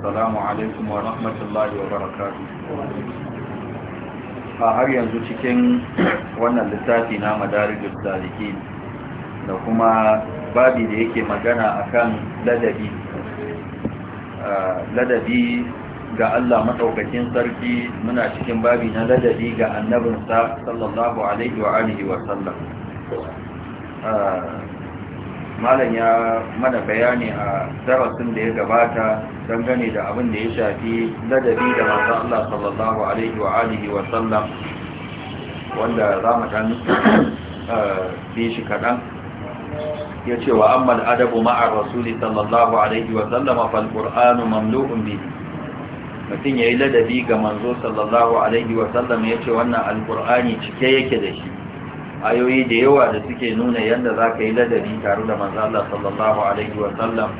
السلام عليكم ورحمة الله وبركاته har yanzu cikin wannan littafi na madarijus saliki da kuma babi da yake magana akan ladabi ladabi ga Allah maɗaukakin sarki muna cikin babi na ladabi ga annabinsa sallallahu alaihi wa alihi wa sallam malam ya mana bayani a darasin da ya gabata dangane da abin da ya shafi ladabi da masu Allah sallallahu alaihi wa alihi wa sallam wanda za mu dan eh, bi shi kaɗan ya ce wa ammal adabu ma'a rasuli sallallahu alaihi wa sallam fal qur'anu mamlu'un bi mutum yayi ladabi ga manzo sallallahu alaihi wa sallam ya ce wannan alqur'ani cike yake da shi ayoyi da yawa da suke nuna yadda za ka yi ladabi tare da manzala sallallahu alaihi wasallam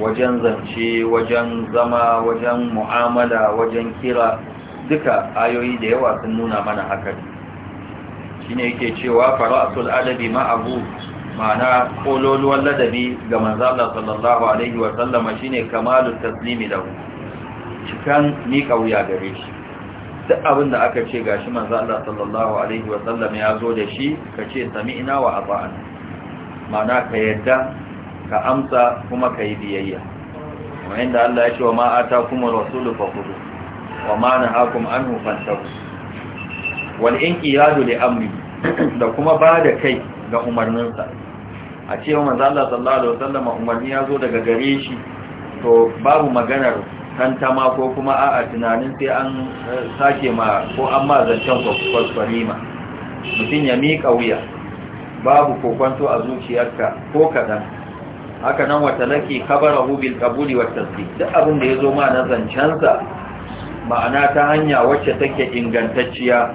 wajen zance wajen zama wajen mu'amala wajen kira duka ayoyi da yawa sun nuna mana haka shi ne yake cewa fara'atul adabi ma'abu ma'ana kololuwan ladabi ga manzala sallallahu alaihi wasallama shine kamalul taslimi lahu cikan miƙa wuya gare shi duk abin da aka ce gashi manzo Allah sallallahu alaihi wa sallam ya zo da shi kace sami'na wa ata'na ma'ana ka yadda ka amsa kuma ka yi biyayya kuma inda Allah ya ce wa ma kuma rasulu kudu. wa ma nahakum anhu fantahu wal inqiyadu li amri da kuma ba da kai ga umarninsa a ce manzo Allah sallallahu alaihi wa sallam umarni ya zo daga gare shi to babu maganar tantama ko kuma a'a tunanin sai an eh, sake ma ko an ma zancen kwaskwari mutum ya miƙa wuya babu kokwanto a zuciyarka ko kaɗan haka nan wata laki kabara hubil kabuli wata tasdi duk abin da ya zo ma na zancensa ma'ana ta hanya wacce take ingantacciya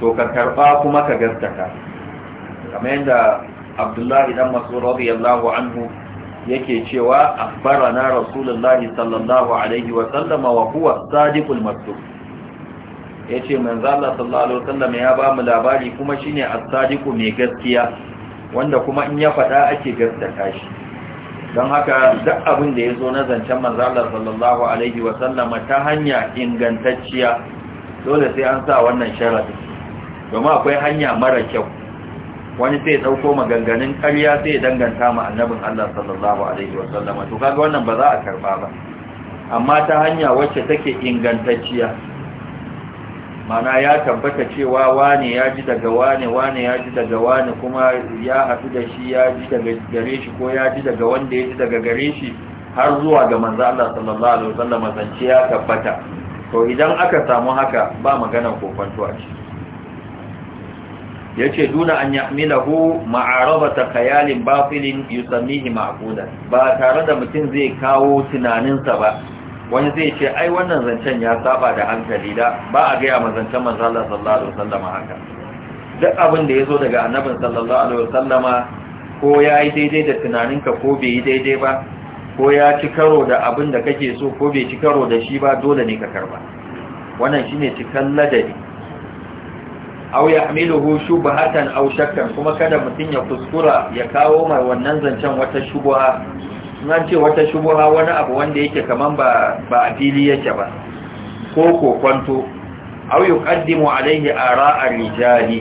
to ka karɓa kuma ka gaskata kamar yadda abdullahi dan masu radiyallahu anhu yake cewa na rasulullahi sallallahu alaihi wa sallama wa huwa sadiqul maktub yace manzo Allah sallallahu alaihi wa sallam ya ba mu labari kuma shine as-sadiqu mai gaskiya wanda kuma in ya faɗa ake gaskata shi don haka duk abin da ya zo na zancen manzo Allah sallallahu alaihi wa sallama ta hanya ingantacciya dole sai an sa wannan sharadi domin akwai hanya mara kyau wani sai dauko maganganun ƙarya sai ya danganta ma annabin Allah sallallahu alaihi wasallam to kaga wannan ba za a karba ba amma ta hanya wacce take ingantacciya mana ya tabbata cewa wane ya ji daga wane wane ya ji daga wane kuma ya haɗu da shi ya ji daga gare shi ko ya ji daga wanda ya ji daga gare shi har zuwa ga manzo Allah sallallahu alaihi wasallam zance ya tabbata to idan aka samu haka ba magana kofanto a ciki Ya ce, duna an yahmilahu ma'arabata kayalin bafilin yusammihi ma'quda ba tare da mutum zai kawo tunaninsa ba wani zai ce ai wannan zancen ya saba da hankali da ba a gaya ma zancen manzo Allah sallallahu alaihi haka duk abin da yazo daga annabin sallallahu alaihi wasallama ko yayi daidai da tunaninka ko bai yi daidai ba ko ya ci karo da abin da kake so ko bai ci karo da shi ba dole ne ka karba wannan shine cikan ladari. aw yahmiluhu shubhatan aw shakkan kuma kada mutun ya kuskura ya kawo mai wannan zancen wata shubha nan ce wata shubha wani abu wanda yake kaman ba ba fili yake ba ko kwanto aw yuqaddimu alaihi ara'a rijali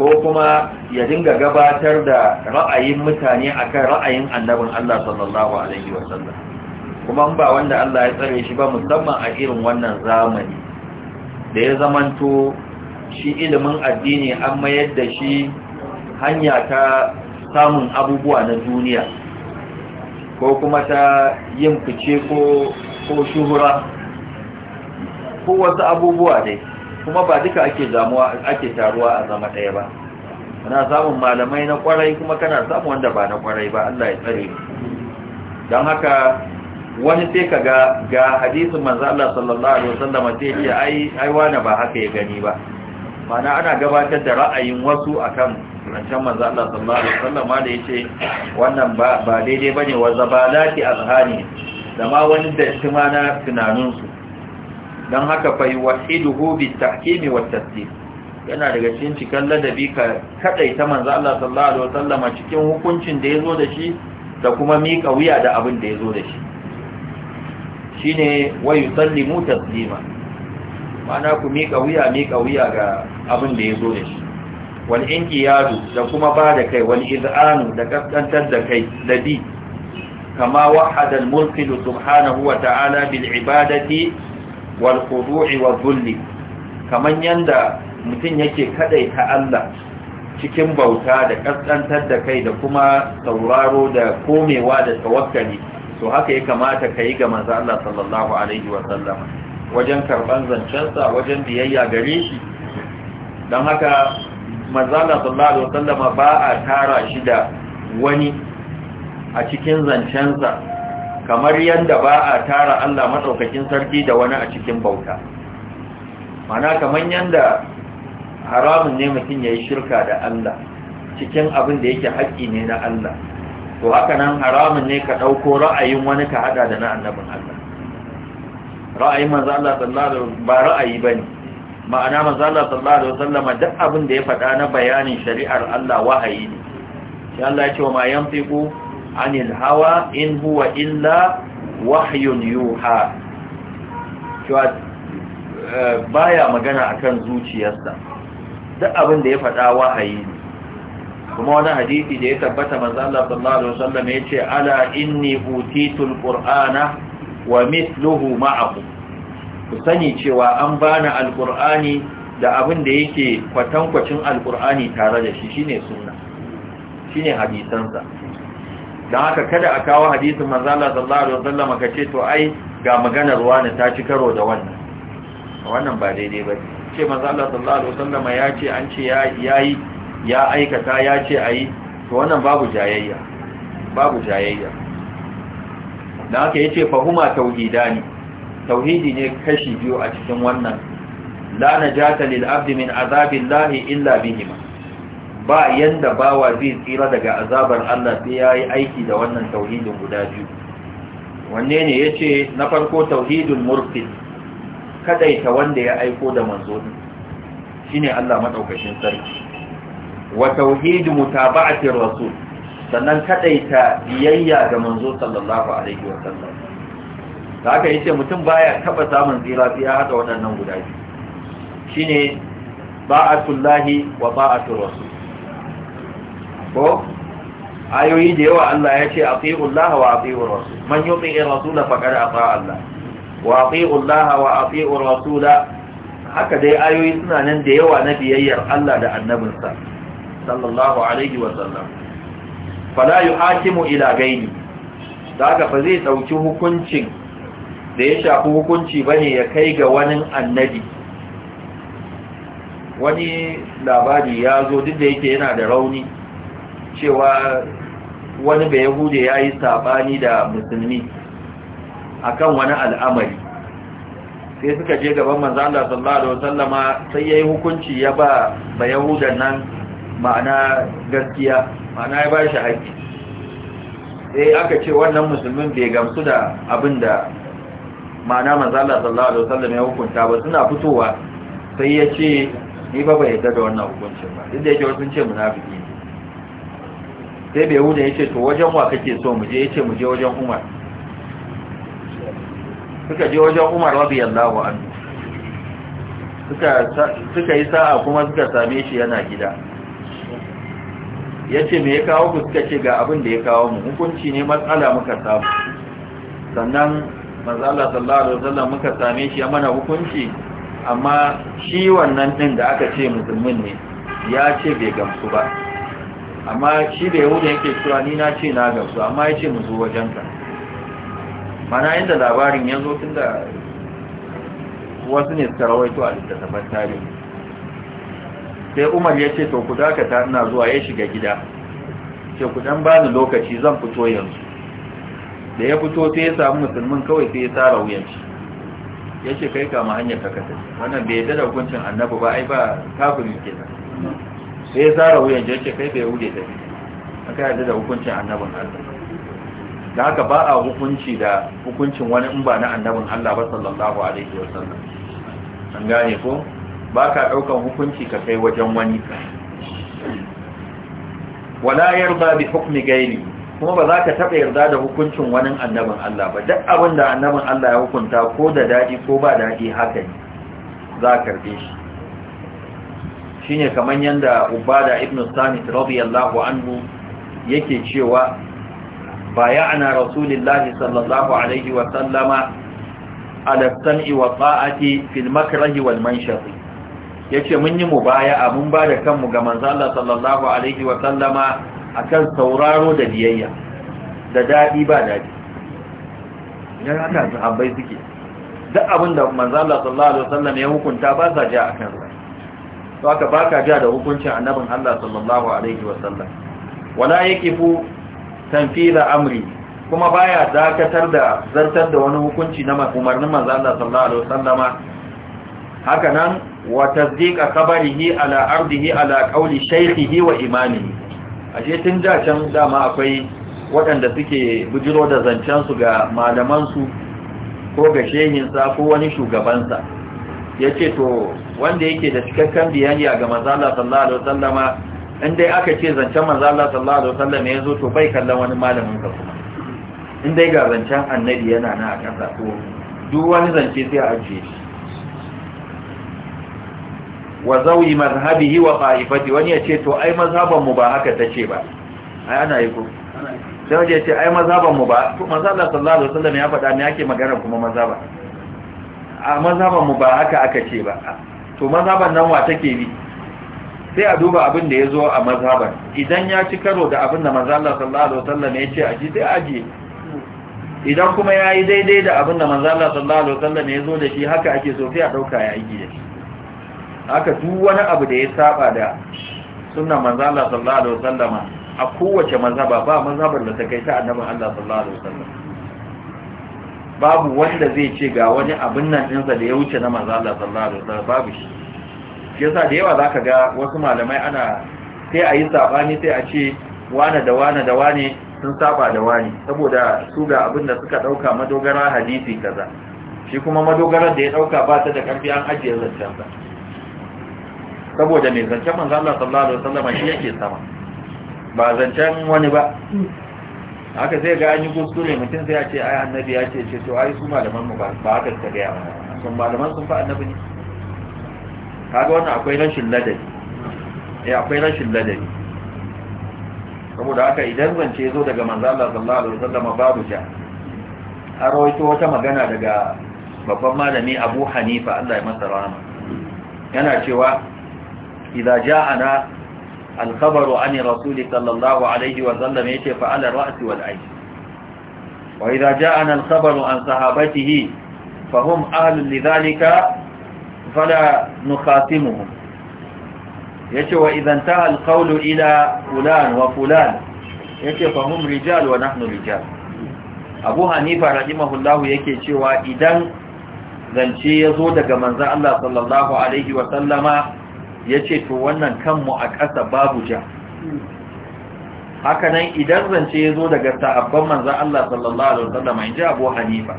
ko kuma ya dinga gabatar da ra'ayin mutane akan ra'ayin annabin Allah sallallahu alaihi wasallam kuma ba wanda Allah ya tsare shi ba musamman a irin wannan zamani da ya zamanto shi ilimin addini an mayar da shi hanya ta samun abubuwa na duniya ko kuma ta yin fice ko shuhura ko wasu abubuwa dai kuma ba duka ake zamuwa ake taruwa a zama ɗaya ba kana samun malamai na kwarai kuma kana samun wanda ba na kwarai ba Allah ya tsare don haka wani sai ka ga hadisin manzo Allah sallallahu alaihi wasallam sai ya ai ai wani ba haka ya gani ba mana ana gabatar da ra'ayin wasu akan rancen manzo Allah sallallahu alaihi wasallam da yace wannan ba ba daidai bane wa zabalati azhani da ma wani datti ma na tunanin su dan haka fa yuwahiduhu bi tahkimi wa tasdid yana daga cikin cikan ladabi ka ta manzo Allah sallallahu alaihi wasallam cikin hukuncin da yazo da shi da kuma mika wuya da abin da yazo da shi shine wa yusallimu taslima mana ku miƙa wuya miƙa wuya ga abin da ya zo da shi wal inqiyadu da kuma ba da kai wani iz'anu da kaskantar da kai da bi kama wahada mulkin mulkilu subhanahu wa ta'ala bil ibadati wal khudu'i wal dhulli kaman yanda mutum yake ta Allah cikin bauta da kaskantar da kai da kuma sauraro da komewa da tawakkali to haka ya kamata yi ga manzo Allah sallallahu alaihi wa sallama wajen karban zancensa wajen biyayya gare shi don haka manzala sallallahu alaihi wasallam ba a tara shi da wani a cikin zancensa kamar yadda ba a tara Allah madaukakin sarki da wani a cikin bauta mana kamar yadda haramun ne mutum yayi shirka da Allah cikin abin da yake haƙƙi ne na Allah to haka nan haramun ne ka ɗauko ra'ayin wani ka hada da na annabin Allah ra'ayin manzo Allah sallallahu alaihi wasallam ba ra'ayi bane ma'ana manzo Allah sallallahu alaihi wasallam duk abin da ya faɗa na bayanin shari'ar Allah wahayi ne sai Allah ya ce ma yanfiqu anil hawa in huwa illa wahyun yuha cewa eh, baya magana akan zuciyarsa duk abin da ya faɗa wahayi ne kuma wani hadisi da ya tabbata manzo Allah sallallahu alaihi wasallam ya ce ala inni utitul qur'ana wa mithluhu ma'ahu ku sani cewa an bana alqur'ani da abin da yake kwatankwacin alqur'ani tare da shi shine sunna shine hadisansa dan haka kada a kawo hadisin manzo Allah sallallahu alaihi wasallam ka ce to ai ga maganar wani ta ci karo da wannan wannan ba daidai ba ce manzo Allah sallallahu alaihi wasallam ya ce an ce ya yayi ya aikata ya ce ayi to wannan babu jayayya babu jayayya da haka yace fahuma tauhidani tauhidi ne kashi biyu a cikin wannan la najata lil abdi min azabillahi illa bihima ba yanda bawa zai tsira daga azabar Allah sai yayi aiki da wannan tauhidin guda biyu wanne ne yace na farko tauhidul mursil kadaita wanda ya aiko da manzo shine Allah madaukakin sarki wa tauhid mutaba'atir rasul sannan kadaita biyayya ga manzo sallallahu alaihi wasallam da haka yace mutum baya taba samun tsira sai ya hada waɗannan guda biyu shine ba'atullahi wa ba'atur rasul ko ayoyi da yawa Allah ya ce atiiullah wa atiiur rasul man yuti'i rasul faqad ata'a Allah wa atiiullah wa atiiur rasul haka dai ayoyi suna nan da yawa na biyayyar Allah da annabinsa sallallahu alaihi wasallam fala hakimu ila gaini, da haka fa zai dauki hukuncin da ya shafi hukunci bane ya kai ga wani annabi wani labari ya zo duk da yake yana da rauni cewa wani bai hude ya yi sabani da musulmi akan wani al'amari sai suka je gaban manzala sallallahu alaihi wasallama sai yayi hukunci ya ba ba yahudan nan ma'ana gaskiya ma'ana ya ba shi haƙƙi sai eh, aka ce wannan musulmin bai gamsu da abin da ma'ana manzala sallallahu alaihi wasallam ya hukunta ba suna fitowa sai ya ce ni ba bai yadda da wannan hukuncin ba duk da yake wasu ce munafiki ne sai bai wuce ya ce to wajen wa kake so mu je ya ce mu je wajen umar suka je wajen umar radiyallahu anhu suka suka yi sa'a kuma suka same shi yana gida ya ce me ya kawo ku suka ce ga abin da ya kawo mu hukunci ne matsala muka samu sannan matsala sallallahu alaihi wasallam muka same shi ya mana hukunci amma shi wannan din da aka ce musulmin ne ya ce bai gamsu ba amma shi da yahuda yake cewa ni na ce na gamsu amma ya ce mu zo wajenka mana inda labarin ya zo tun da wasu ne suka rawaito a littattafan tarihi sai umar ya ce to ku dakata ina zuwa ya shiga gida sai ku dan bani lokaci zan fito yanzu da ya fito sai ya samu musulmin kawai sai ya tsara wuyan shi ya ce kai kama hanyar ta kasa wannan bai yadda da hukuncin annabi ba ai ba ke kenan sai ya tsara wuyan ya ce kai bai wuce da aka yadda da hukuncin annabin Allah da haka ba a hukunci da hukuncin wani in ba na annabin Allah ba sallallahu alaihi wasallam an gane ko ba ka ɗaukan hukunci ka kai wajen wani wala yarda bi hukmi kuma ba za ka taɓa yarda da hukuncin wani annabin Allah ba duk abin da annabin Allah ya hukunta ko da daɗi ko ba daɗi haka ne za a karɓe shi shi ne kamar yadda ubada ibn samit radiyallahu anhu yake cewa bayana rasulillahi sallallahu alaihi wa sallama ala sam'i wa ta'ati fil makrahi wal manshati yace mun yi mubaya'a mun ba da kanmu ga manzo Allah sallallahu alaihi wa sallama akan sauraro da biyayya da dadi ba dadi dan haka sahabbai suke duk abin da manzo Allah sallallahu alaihi wa sallam ya hukunta ba sa ja akan sa to ba baka ja da hukuncin annabin Allah sallallahu alaihi wa sallam wala yakifu tanfiza amri kuma baya dakatar da zartar da wani hukunci na umarnin manzo Allah sallallahu alaihi wa sallama haka nan wa tasdiqa khabarihi ala ardihi ala qawli shaykhihi wa imamihi aje tun da can dama akwai waɗanda suke bujiro da zancen su ga malaman su ko ga shehin sa ko wani shugaban sa yace to wanda yake da cikakken biyayya ga manzo Allah sallallahu alaihi wasallama in dai aka ce zancen manzo Allah sallallahu alaihi wasallam yazo to bai kallon wani malamin ka kuma in dai ga zancen annabi yana na a kasa to duk wani zance sai a ajiye shi wa zawi mazhabihi wa qa'ifati wani ya ce to ai mazhaban mu ba haka tace ba ai ana yi ko sai wani ya ce ai mazhaban mu ba to manzo Allah sallallahu alaihi wasallam ya faɗa ne yake magana kuma mazhaba a mazhaban mu ba haka aka ce ba to mazhaban nan wa take bi sai a duba abin da ya zo a mazhaban idan ya ci karo da abin da Allah sallallahu alaihi wasallam ya ce ji sai a ji. idan kuma ya yi daidai da abin da Allah sallallahu alaihi wasallam ya zo da shi haka ake so sai a dauka ya yi haka duk wani abu da ya saba da sunan manzo Allah sallallahu alaihi wasallam a kowace mazhaba ba mazhabar da ta kai ta annabi Allah sallallahu alaihi wasallam babu wanda zai ce ga wani abin nan sa da ya wuce na manzo Allah sallallahu alaihi wasallam babu shi yasa da yawa zaka ga wasu malamai ana sai a yi sabani sai a ce wane da wane da wane sun saba da wane saboda su ga abin da suka dauka madogara hadisi kaza shi kuma madogarar da ya dauka ba ta da karfi an ajiye zancen saboda mai zancen manzan Allah sallallahu alaihi wasallama shi yake sama ba zancen wani ba haka zai ga an yi kuskure mutum sai ya ce ai annabi ya ce ce to ai su malaman mu ba ba haka ta gaya ba sun malaman sun fa annabi ne kaga wannan akwai rashin ladabi eh akwai rashin ladabi saboda haka idan zance zo daga manzan Allah sallallahu alaihi wasallama babu ja a rawaito wata magana daga babban malami Abu Hanifa Allah ya masa rahama yana cewa idza ja'ana al-khabaru an sallallahu alaihi wa sallam yace fa ala ra'si wal wa idza ja'ana al-khabaru an sahabatihi fa hum ahlu lidhalika fala nukhatimuhum wa idza intaha al ila wa rijal wa rijal Abu Hanifa rahimahullahu yake cewa idan zance ya zo daga manzo Allah sallallahu Alaihi wasallama ya ce to wannan kanmu a ƙasa babu ja haka nan idan zance ya zo daga sa'abban manza Allah sallallahu Alaihi wasallam in ji abu hanifa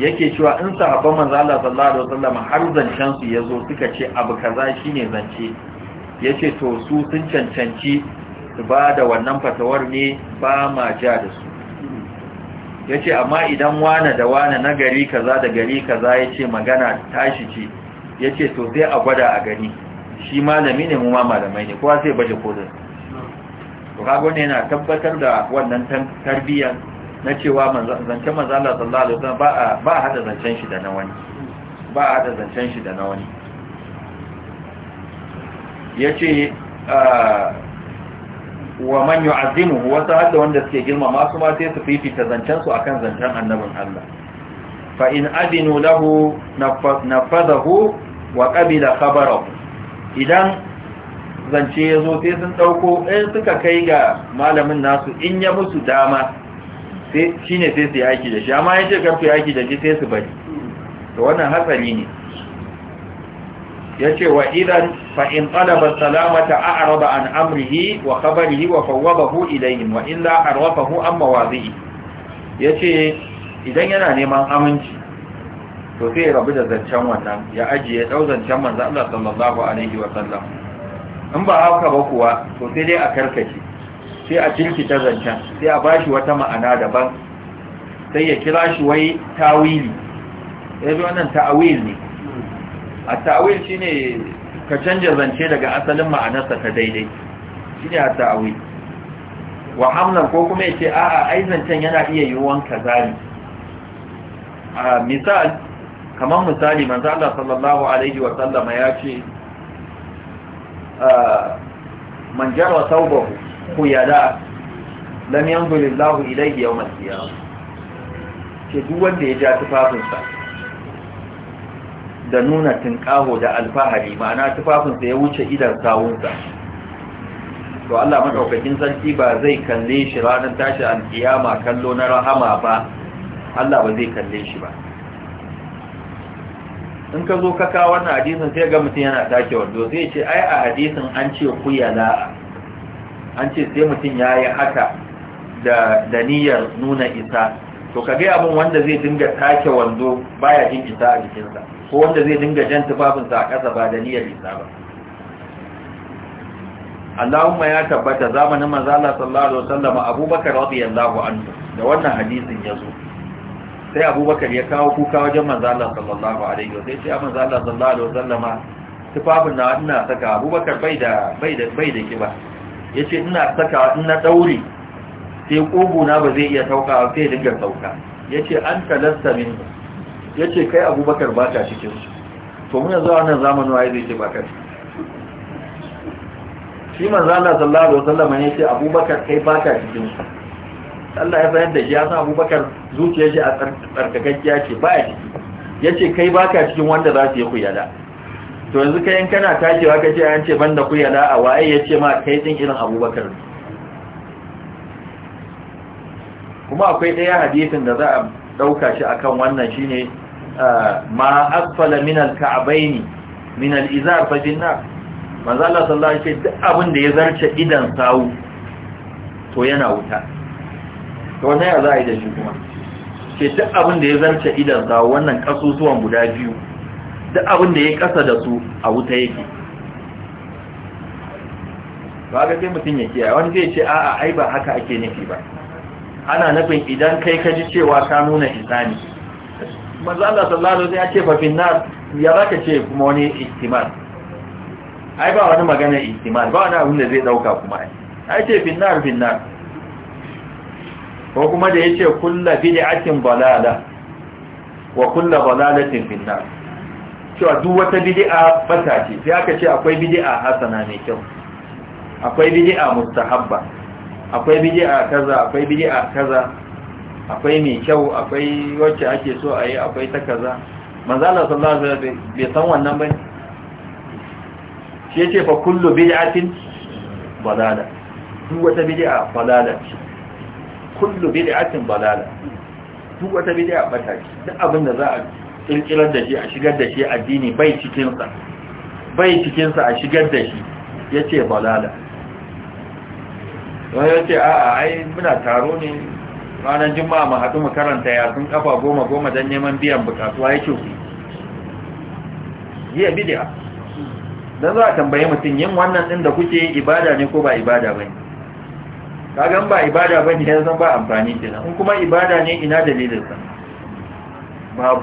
yake cewa in sa'abban manza Allah sallallahu Alaihi wasallam har zancensu ya zo suka ce abu kaza shi ne zance ya ce to su sun cancanci su ba da wannan fatawar ne ba ma ja da su ya ce amma idan wane da wane na gari kaza da gari kaza ya ce magana tashi ce ya ce to sai a gwada a gani shi malami ne mu ma malamai ne kowa sai baje kodin to kaga ne yana tabbatar da wannan tarbiyya na cewa zancen Allah sallallahu alaihi wasallam ba a hada zancen shi da na wani ba a hada zancen shi da na wani yace wa man yu'azzimuhu wasu hadda wanda suke girmama su ma sai su fifita zancen su akan zancen annabin Allah fa in adinu lahu nafadahu wa qabila khabarahu idan zance ya zo sai sun ɗauko in suka kai ga malamin nasu in ya musu dama shi ne sai su yi aiki da shi amma ya ce karfi aiki da shi sai su bari da wannan hatsari ne ya ce wa idan fa'in ɗalaba salamata a araba an amrihi wa kabarihi wa hu ilayin wa rafa hu an mawazi ya ce idan yana neman aminci to sai rabu da zancen wannan ya ajiye dau zancen manzo Allah sallallahu alaihi wa sallam in ba haka ba kuwa to sai dai a karkace sai a ta zancen sai a bashi wata ma'ana daban sai ya kira shi wai tawili yanzu wannan ta'awil ne a ta'awil shine ka canja zance daga asalin ma'anarsa ta daidai shine a ta'awil wa hamlan ko kuma yace a'a ai zancen yana iya yiwuwan kazali a misal kamar misali manzo Allah sallallahu alaihi wa sallam ya ce ah, man jarra thawbahu khuyala lam yanzur ilayhi yawm al-qiyamah Ke duk wanda ya ja tufafinsa da nuna tinkaho da alfahari ma'ana tufafinsa ya wuce idan sawunsa to Allah madaukakin sarki ba zai kalle shi ranar tashi alkiyama kallo na rahama ba Allah ba zai kalle shi ba in ka zo ka kawo wannan hadisin sai ga mutum yana take wando sai ce ai a hadisin an ce ku kuyala an ce sai mutum ya yi haka da da niyyar nuna isa to ka ga abin wanda zai dinga take wando baya jin isa a jikinsa ko wanda zai dinga jan sa a kasa ba da niyyar isa ba Allahumma ya tabbata zamanin manzo Allah sallallahu alaihi wasallam Abubakar radiyallahu anhu da wannan hadisin yazo sai abubakar ya kawo kuka wajen manzala sallallahu alaihi wasallam sai ya manzala sallallahu alaihi wasallama tufafin na ina saka abubakar bai da bai da bai da kiba yace ina saka ina daure sai kogo na ba zai iya sauka sai dinga sauka yace an talasta min yace kai abubakar ba ta cikin to mun yanzu wannan zamanin waye zai ce ba kai shi manzala sallallahu alaihi wasallama yace abubakar kai ba ta cikin su Allah ya bayar da shi ya san abubakar zuciyar shi a tsarkakakkiya ce ba ciki ya ce kai baka cikin wanda za su yi kuyala to yanzu kai in kana tashiwa ka ce an ce ban da kuyala a waye ya ce ma kai din irin abubakar kuma akwai ɗaya hadisin da za a ɗauka shi kan wannan shine ah, ma asfala min al-ka'bayn min al-izar fa bin manzo Allah sallallahu alaihi wasallam duk abin da ya zarce idan sawu to yana wuta to wannan ya za a yi da shi kuma Ke duk abin da ya zarce idansa wannan kasusuwan guda biyu duk abin da ya kasa da su a wuta yake ba ga sai mutum ya kiyaye wani zai ce a'a ai ba haka ake nufi ba ana nufin idan kai ka ji cewa ka nuna isani maza Allah sallallahu alaihi ya ce fa finnar ya ka ce kuma wani istimar? ai ba wani magana istimar. ba wani abin da zai dauka kuma ai ai ce finnar finnar ko kuma da yace kullu bid'atin balala wa kullu balalatin finnar cewa duk wata bid'a fata ce sai aka ce akwai bid'a hasana mai kyau akwai bid'a mustahabba akwai bid'a kaza akwai bid'a kaza akwai mai kyau akwai wacce ake so a yi akwai ta kaza manzo Allah sallallahu alaihi wasallam bai san wannan bane shi yace fa kullu bid'atin balala duk wata bid'a balala ce kullu bid'atin balala duk wata bid'a bata ce duk abin da za a kirkirar da shi a shigar da shi addini bai cikin sa bai cikin sa a shigar da shi yace balala wai yace a'a ai muna taro ne ranar juma'a mu haɗu mu karanta sun kafa goma goma don neman biyan bukatuwa yake ku yi bid'a dan za a tambaye mutum yin wannan din da kuke ibada ne ko ba ibada bane kagan ba ibada ba ne yanzu ba amfani ke nan kuma ibada ne ina dalilinsa babu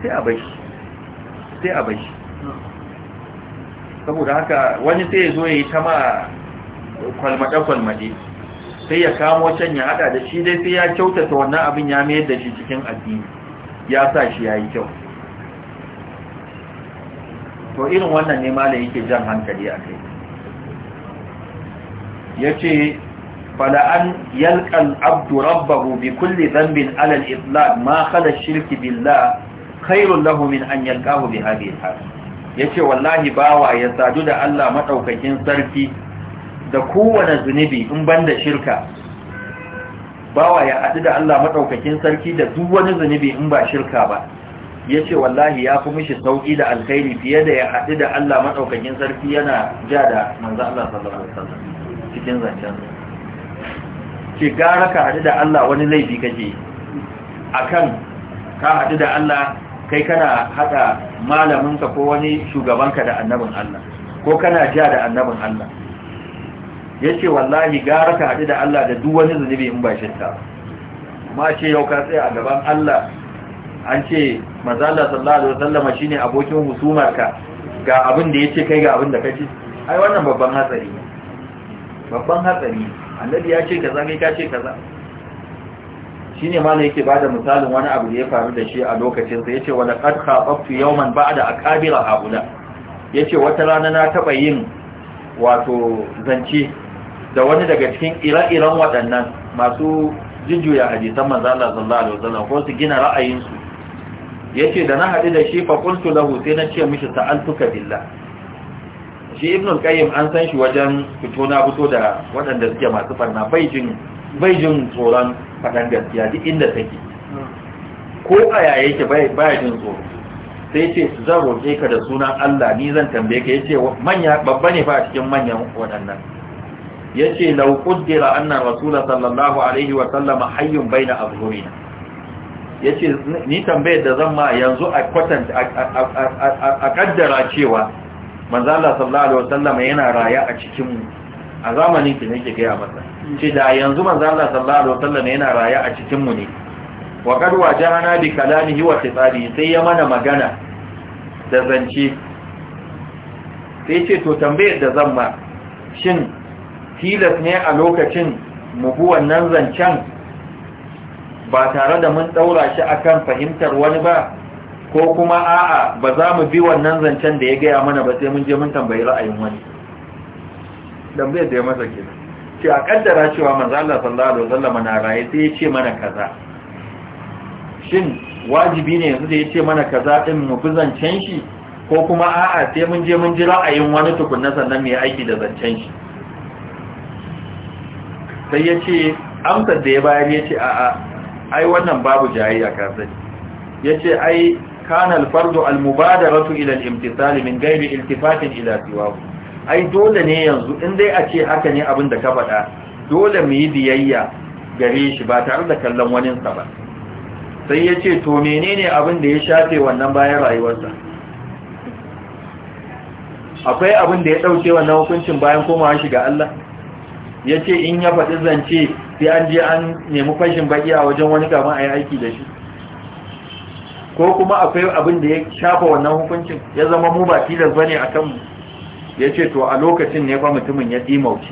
sai a bai sai a bai saboda haka wani sai ya zo ya yi ta ma kwalmaɗe-kwalmaɗe sai ya kamo can ya hada da shi dai sai ya kyautata wannan abin ya mayar da shi cikin addini ya sa shi ya yi kyau to irin wannan ne malam yake jan hankali a kai ya ce fala an yalqal abdu rabbahu bi kulli dhanbin ala al-itlaq ma khala ash-shirk billah khairun lahu min an yalqahu bi hadhihi al-hal yace wallahi bawa ya sadu da Allah madaukakin sarki da kowane zunubi in banda shirka bawa ya hadu da Allah madaukakin sarki da duk wani zunubi in ba shirka ba ya ce wallahi ya fi mishi sauƙi da alkhairi fiye da ya haɗu da Allah maɗaukakin sarki yana ja da manzan Allah sallallahu Alaihi wasallam cikin zancen ce gara ka haɗu da Allah wani laifi kake kan ka haɗu da Allah kai kana haɗa malaminka ko wani shugabanka da annabin Allah ko kana ja da annabin Allah ya ce wallahi gara ka haɗu da Allah da duwani zunubi in ba ta ma ce yau ka tsaye a gaban Allah an ce mazala sallallahu alaihi wasallama shine abokin husumarka ga abin da yace kai ga abin da kace ai wannan babban hatsari ne babban hatsari ne annabi ya ce kaza kai ka ce kaza Shi ne ne yake bada misalin wani abu da ya faru da shi a lokacin sa yace wala qad khafaftu yawman ba'da akabira Ya yace wata rana na taɓa yin wato zance da wani daga cikin ire-iren waɗannan masu jujjuya hadisan manzo Allah sallallahu alaihi wasallam ko su gina ra'ayinsu yace da na haɗu da shi fa qultu lahu sai na ce mishi ta'altuka billah shi ibn qayyim an san shi wajen fito na fito da waɗanda suke masu farna bai jin tsoron faɗan gaskiya duk inda take ko a yaya yake baya jin tsoro sai ce zan roƙe ka da sunan Allah ni zan tambaye ka yace manya babba ne fa a cikin manyan waɗannan yace law qaddara anna rasul sallallahu alaihi wa sallam hayyun baina azhurina yace ni tambayar da zan ma yanzu a kwatanta a kaddara cewa manzala sallallahu alaihi wasallam yana raya a cikin mu a zamanin ki nake gaya masa ce da yanzu manzala sallallahu alaihi wasallam yana raya a cikin mu ne wa qad wajahana bi kalamihi wa khitabi sai ya mana magana da zance sai ce to tambayar da zan ma shin tilas ne a lokacin mu bi wannan zancen ba tare da mun daura shi akan fahimtar wani ba ko kuma a'a ba za mu bi wannan zancen da ya gaya mana ba sai mun je mun tambayi ra'ayin wani dan bai da masa ke ce a kaddara cewa manzo Allah sallallahu alaihi wasallam na raye sai ya ce mana kaza shin wajibi ne yanzu da ya ce mana kaza din mu bi zancen shi ko kuma a'a sai mun je mun ji ra'ayin wani tukunna sannan mu yi aiki da zancen shi sai ya ce amsar da ya bayar ya ce a'a ai wannan babu jayayya ka sani ya ce ai kana fardo almubadaratu ila al-imtithal min ghairi iltifatin ila ai dole ne yanzu in dai a ce haka ne abin da ka faɗa dole mu yi biyayya gare shi ba tare da kallon waninsa ba sai ya ce to menene abin da ya shafe wannan bayan rayuwarsa akwai abin da ya ɗauke wannan hukuncin bayan komawa shi ga Allah ya ce in ya faɗi zance sai an je an nemi fashin baƙi a wajen wani kama a yi aiki da shi ko kuma akwai abin da ya shafa wannan hukuncin ya zama mu ba tilas bane akan mu ce to a lokacin ne fa mutumin ya dimauce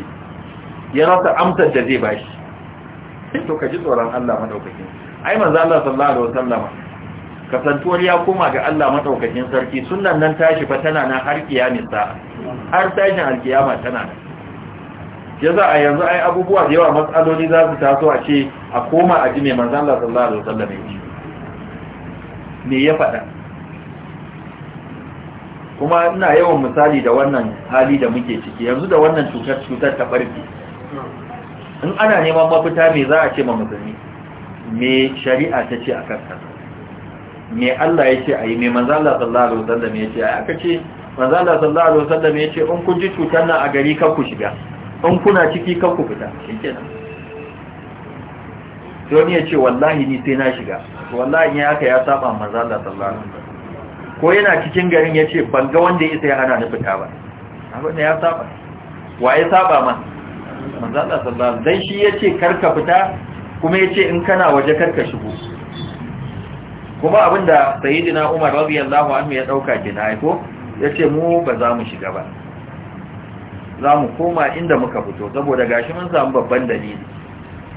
ya rasa amsar da zai bashi to ka ji tsoron Allah madaukakin ai manzo Allah sallallahu alaihi wasallam kasantuwar ya koma ga Allah madaukakin sarki sunnan nan tashi fa tana nan har kiyamin sa har tashin alkiyama tana nan za a yanzu ai abubuwa da yawa matsaloli za su taso a ce a koma a ji mai manzo Allah sallallahu alaihi wasallam me ya faɗa kuma ina yawan misali da wannan hali da muke ciki yanzu da wannan cutar cutar ta ɓarfi in ana neman mafita me za a ce ma musulmi me shari'a ta ce a kanta me Allah ya ce a yi me manzala sallallahu alaihi wasallam ya ce a aka ce manzala sallallahu alaihi wasallam ya ce in kun ji cutar nan a gari kan ku shiga in kuna ciki kan ku fita shikenan to ne ya ce wallahi ni sai na shiga to wallahi ya haka ya saba manzo Allah sallallahu alaihi wasallam ko yana cikin garin yace ban ga wanda ya isa ya hana ni fita ba abin da ya saba waye saba ma manzo Allah sallallahu alaihi wasallam dan shi yace karka fita kuma yace in kana waje karka shigo kuma abinda sayyidina Umar radiyallahu anhu ya dauka kina ko yace mu ba za mu shiga ba za mu koma inda muka fito saboda gashi mun samu babban dalili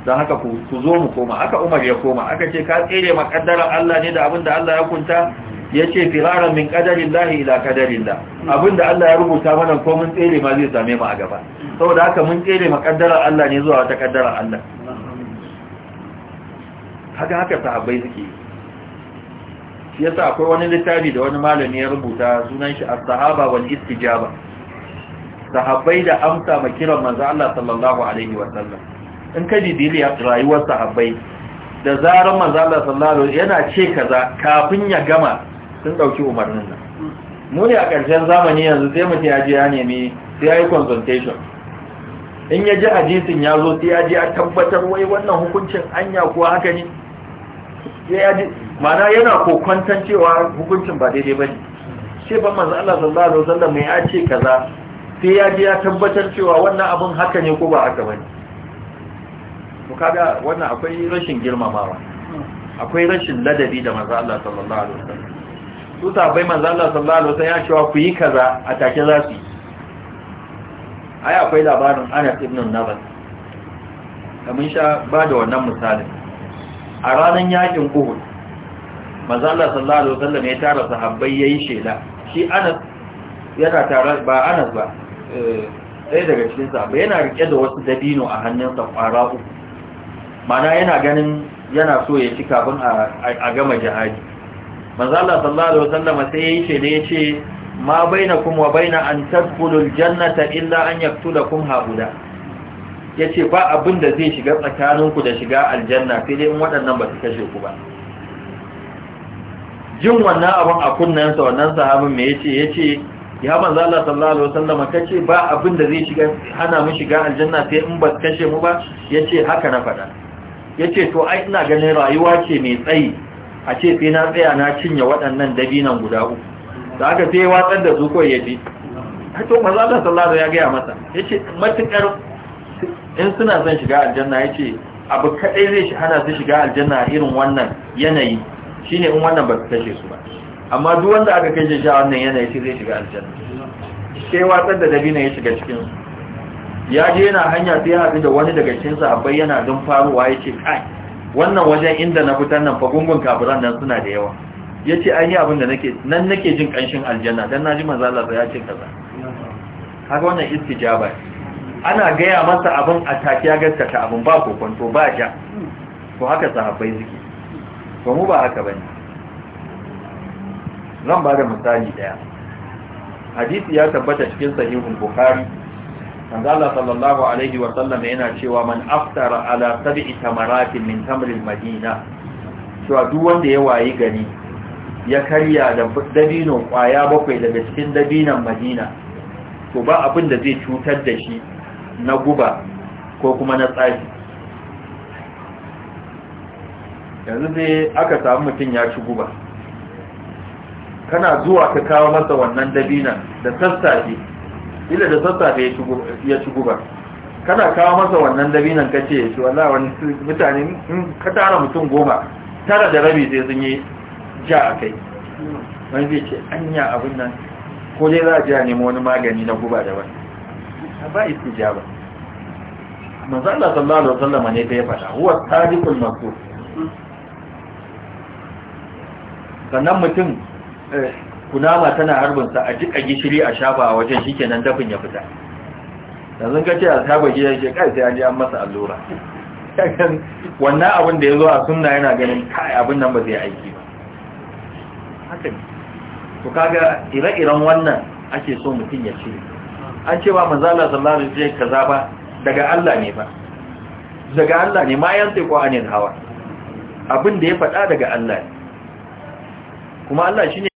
don haka ku zo mu koma Aka umar ya koma aka ce ka tsere makaddarar Allah ne da abin da Allah ya kunta ya ce firaran min kadarin lahi ila kadarin da abin da Allah ya rubuta mana ko mun tsere ma zai same mu a gaba saboda haka mun tsere makaddarar Allah ne zuwa wata kaddarar Allah haka haka sahabbai suke shi yasa akwai wani littafi da wani malami ya rubuta sunan shi as-sahaba wal istijaba sahabbai da amsa ma kiran manzo Allah sallallahu alaihi wa sallam in ka didili rayuwar sahabbai da zarar manzala sallallahu yana ce kaza kafin ya gama sun dauki umarnin nan mu ne a ƙarshen zamani yanzu sai mutum ya je ya nemi sai ya yi consultation in ya ji hadisin ya zo sai ya je a tabbatar wai wannan hukuncin anya ko haka ne sai ya ji mana yana kokwantan cewa hukuncin ba daidai ba ne sai ban manzo Allah sallallahu alaihi wasallam ya ce kaza sai ya je ya tabbatar cewa wannan abun haka ne ko ba haka ba ne kaga wannan akwai rashin girmamawa akwai rashin ladabi da manzo Allah sallallahu alaihi wasallam su bai manzo Allah sallallahu alaihi wasallam ya cewa ku yi kaza a take za su yi ai akwai labarin Anas ibn Nabat Kamar sha ba da wannan misalin a ranar yakin Uhud manzo Allah sallallahu alaihi wasallam ya tara sahabbai yayin shela shi Anas yana tare ba Anas ba eh ɗaya daga cikin sahabbai yana rike da wasu dabino a hannunsa kwara uku mana yana ganin yana so ya ci kafin a gama jihadi manzo Allah sallallahu alaihi wasallam sai yi ce ya yace ma kuma wa baina an tadkhulul jannata illa an yaktulakum Ya ce ba abin da zai shiga tsakaninku da shiga aljanna sai dai in waɗannan ba su kashe ku ba jin wannan abin a kunnensa wannan sahabin me yace ce, ya manzo Allah sallallahu alaihi wasallam ce ba abin da zai shiga hana mu shiga aljanna sai in ba kashe mu ba yace haka na faɗa ya ce to ai ina ganin rayuwa ce mai tsayi a ce sai na tsaya na cinye waɗannan dabinan guda uku da aka sai watsar da su kawai ya ji to maza ta sallallahu ya gaya masa ya ce matuƙar in suna son shiga aljanna ya ce abu kaɗai zai hana su shiga aljanna irin wannan yanayi shine in wannan ba su kashe su ba amma duk wanda aka kai shi a wannan yanayi sai zai shiga aljanna sai watsar da dabinan ya shiga cikin su ya je yana hanya sai ya haɗu da wani daga cikin sahabbai yana don faruwa ya ce kai wannan wajen inda na fitar nan fa gungun kafiran nan suna da yawa ya ce an yi abin da nake nan nake jin ƙanshin aljanna don na ji lafa ya ce kaza haka wannan istijaba ana gaya masa abin a tafiya ya gaskata abin ba ko kwanto ba ja to haka sahabbai suke to mu ba haka bane zan ba da misali daya hadisi ya tabbata cikin sahihul bukhari manzala sallallahu alaihi wa sallam yana cewa man aftara ala sab'i tamaratin min tamril madina cewa duk wanda ya wayi gani ya karya da dabino kwaya bakwai daga cikin dabinan madina to ba abin da zai cutar da shi na guba ko kuma na tsari yanzu sai aka samu mutum ya ci guba kana zuwa ka kawo masa wannan dabinan da sassafe ila da sassafe ya ci guba kana kawo masa wannan dabinan ka ce shi wallahi wani mutane in ka tara mutum goma tara da rabi sai sun yi ja a kai wani zai ce "An yi abin nan ko dai za a ja nemo wani magani na guba da wani ba ja ba manzo Allah sallallahu alaihi wasallam ne ta ya fada huwa tarikul masduq sannan mutum eh, kunama tana harbinsa a jika gishiri a shafa a wajen shi kenan dafin ya fita yanzu ka ce a saba gida ce kai sai an ji an masa allura wannan abin da ya zo a sunna yana ganin kai abin nan ba zai aiki ba haka ne to kaga ire-iren wannan ake so mutum ya ce. an ce ba manzala sallallahu alaihi wasallam kaza ba daga Allah ne ba daga Allah ne ma yan sai ko anil hawa abin da ya faɗa daga Allah ne kuma Allah shine